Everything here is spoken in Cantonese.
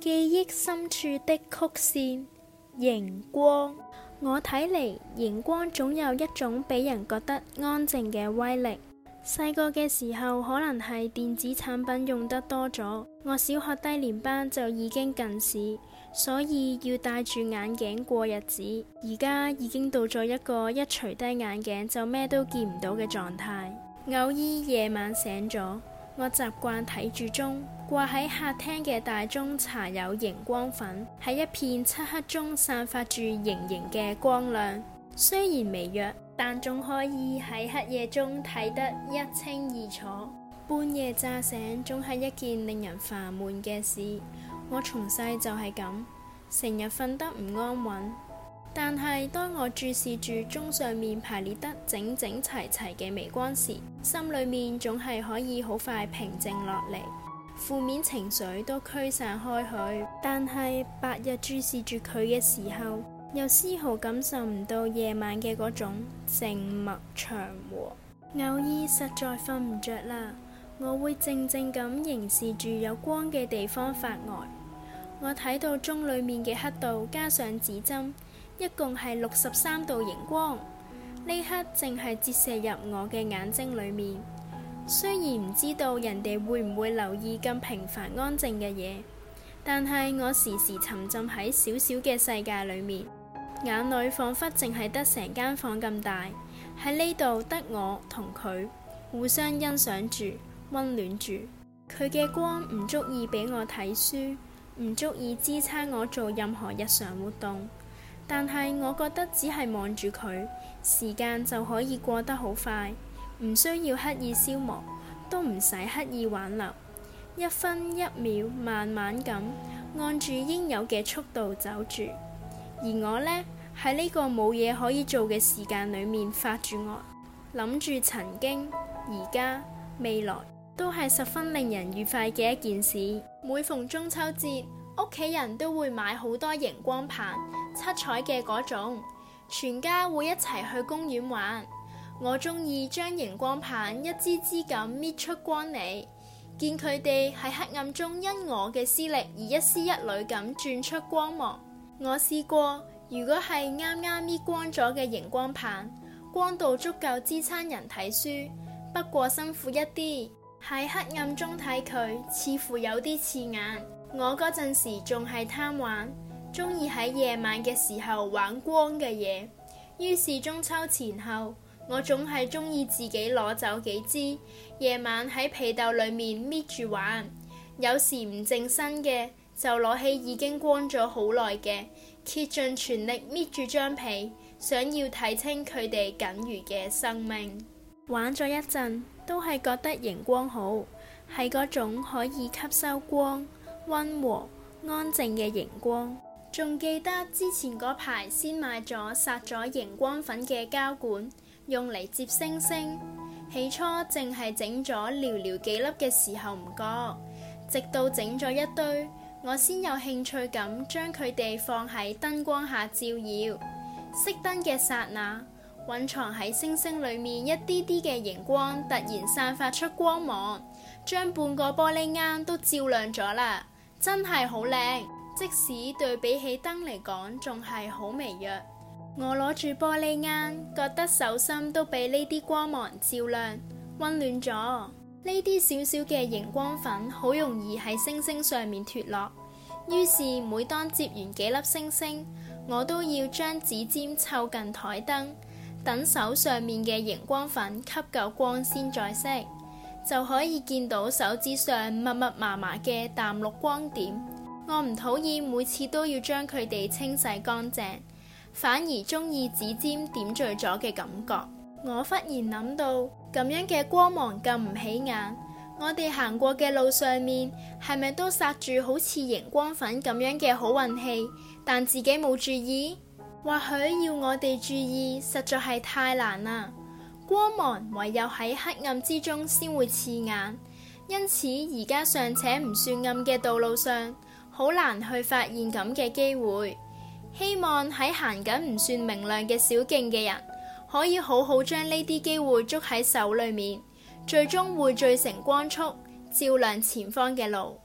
記憶深處的曲線，熒光。我睇嚟，熒光總有一種俾人覺得安靜嘅威力。細個嘅時候，可能係電子產品用得多咗，我小學低年班就已經近視，所以要戴住眼鏡過日子。而家已經到咗一個一除低眼鏡就咩都見唔到嘅狀態。偶爾夜晚醒咗。我習慣睇住鐘，掛喺客廳嘅大鐘搽有熒光粉，喺一片漆黑中散發住瑩瑩嘅光亮。雖然微弱，但仲可以喺黑夜中睇得一清二楚。半夜炸醒，總係一件令人煩悶嘅事。我從細就係咁，成日瞓得唔安穩。但係，當我注視住鐘上面排列得整整齊齊嘅微光時，心裏面總係可以好快平靜落嚟，負面情緒都驅散開去。但係白日注視住佢嘅時候，又絲毫感受唔到夜晚嘅嗰種靜默祥和。偶爾實在瞓唔着啦，我會靜靜咁凝視住有光嘅地方發呆。我睇到鐘裏面嘅刻度，加上指針。一共係六十三度熒光，呢刻淨係折射入我嘅眼睛裏面。雖然唔知道人哋會唔會留意咁平凡安靜嘅嘢，但係我時時沉浸喺小小嘅世界裏面，眼裏仿佛淨係得成間房咁大。喺呢度得我同佢互相欣賞住、溫暖住。佢嘅光唔足以俾我睇書，唔足以支撐我做任何日常活動。但係，我覺得只係望住佢，時間就可以過得好快，唔需要刻意消磨，都唔使刻意挽留，一分一秒慢慢咁按住應有嘅速度走住。而我呢，喺呢個冇嘢可以做嘅時間裏面發住呆，諗住曾經、而家、未來，都係十分令人愉快嘅一件事。每逢中秋節，屋企人都會買好多熒光棒，七彩嘅嗰種，全家會一齊去公園玩。我中意將熒光棒一支支咁搣出光嚟，見佢哋喺黑暗中因我嘅施力而一絲一縷咁轉出光芒。我試過，如果係啱啱搣光咗嘅熒光棒，光度足夠支撐人睇書，不過辛苦一啲，喺黑暗中睇佢似乎有啲刺眼。我嗰陣時仲係貪玩，中意喺夜晚嘅時候玩光嘅嘢。於是中秋前後，我總係中意自己攞走幾支，夜晚喺被竇裏面搣住玩。有時唔正身嘅，就攞起已經光咗好耐嘅，竭盡全力搣住張被，想要睇清佢哋僅餘嘅生命。玩咗一陣，都係覺得熒光好，係嗰種可以吸收光。溫和安靜嘅熒光，仲記得之前嗰排先買咗撒咗熒光粉嘅膠管，用嚟接星星。起初淨係整咗寥寥幾粒嘅時候唔覺，直到整咗一堆，我先有興趣咁將佢哋放喺燈光下照耀。熄燈嘅剎那，隱藏喺星星裏面一啲啲嘅熒光突然散發出光芒，將半個玻璃眼都照亮咗啦。真係好靚，即使對比起燈嚟講，仲係好微弱。我攞住玻璃瓶，覺得手心都俾呢啲光芒照亮，溫暖咗。呢啲小小嘅熒光粉好容易喺星星上面脫落，於是每當接完幾粒星星，我都要將指尖湊近台燈，等手上面嘅熒光粉吸夠光先再熄。就可以見到手指上密密麻麻嘅淡綠光點，我唔討厭每次都要將佢哋清洗乾淨，反而中意指尖點綴咗嘅感覺。我忽然諗到，咁樣嘅光芒咁唔起眼，我哋行過嘅路上面係咪都撒住好似熒光粉咁樣嘅好運氣，但自己冇注意，或許要我哋注意，實在係太難啦。光芒唯有喺黑暗之中先會刺眼，因此而家尚且唔算暗嘅道路上，好難去發現咁嘅機會。希望喺行緊唔算明亮嘅小徑嘅人，可以好好將呢啲機會捉喺手裏面，最終匯聚成光束照亮前方嘅路。